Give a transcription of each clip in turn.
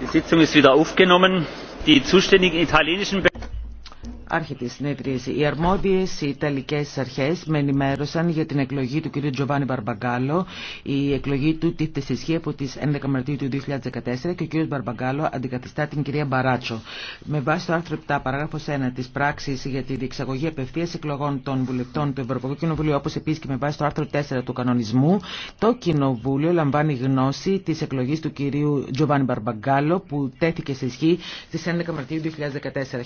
die sitzung ist wieder aufgenommen. die zuständigen italienischen behörden Άρχεται η συνεδρίαση. Οι αρμόδιε Ιταλικέ αρχέ με ενημέρωσαν για την εκλογή του κ. Τζοβάνι Μπαρμπαγκάλο. Η εκλογή του τίθεται σε ισχύ από τι 11 Μαρτίου του 2014 και ο κ. Μπαρμπαγκάλο αντικαθιστά την κυρία Μπαράτσο. Με βάση το άρθρο 7, παράγραφο 1 τη πράξη για τη διεξαγωγή απευθεία εκλογών των βουλευτών του Ευρωπαϊκού Κοινοβουλίου, όπω επίση και με βάση το άρθρο 4 του κανονισμού, το Κοινοβούλιο λαμβάνει γνώση τη εκλογή του κ. Τζοβάνι Μπαρμπαγκάλο που τέθηκε σε ισχύ στι 11 Μαρτίου 2014.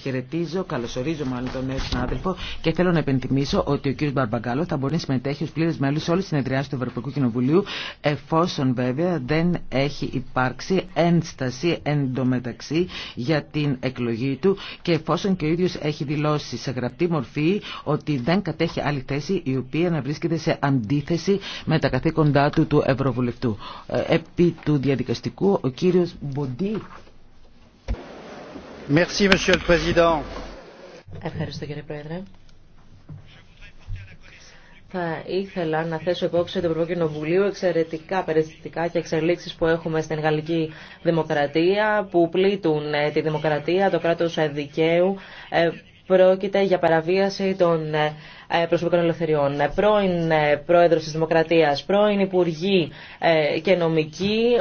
Χαιρετίζω, καλωσορίζω μάλλον τον νέο συνάδελφο και θέλω να επενθυμίσω ότι ο κ. Μπαρμπαγκάλο θα μπορεί να συμμετέχει ω πλήρε μέλο σε όλε τι συνεδριάσει του Ευρωπαϊκού Κοινοβουλίου, εφόσον βέβαια δεν έχει υπάρξει ένσταση εντωμεταξύ για την εκλογή του και εφόσον και ο ίδιο έχει δηλώσει σε γραπτή μορφή ότι δεν κατέχει άλλη θέση η οποία να βρίσκεται σε αντίθεση με τα καθήκοντά του του Ευρωβουλευτού. Ε, επί του διαδικαστικού, ο κ. Μποντί. Merci, Monsieur le Président. Ευχαριστώ κύριε Πρόεδρε. Θα ήθελα να θέσω υπόψη του Ευρωπαϊκού Κοινοβουλίου εξαιρετικά περιστατικά και εξελίξεις που έχουμε στην γαλλική δημοκρατία, που πλήττουν ε, τη δημοκρατία, το κράτος δικαίου. Ε, πρόκειται για παραβίαση των ε, προσωπικών ελευθεριών. Πρώην πρόεδρος της Δημοκρατίας, πρώην Υπουργή και νομική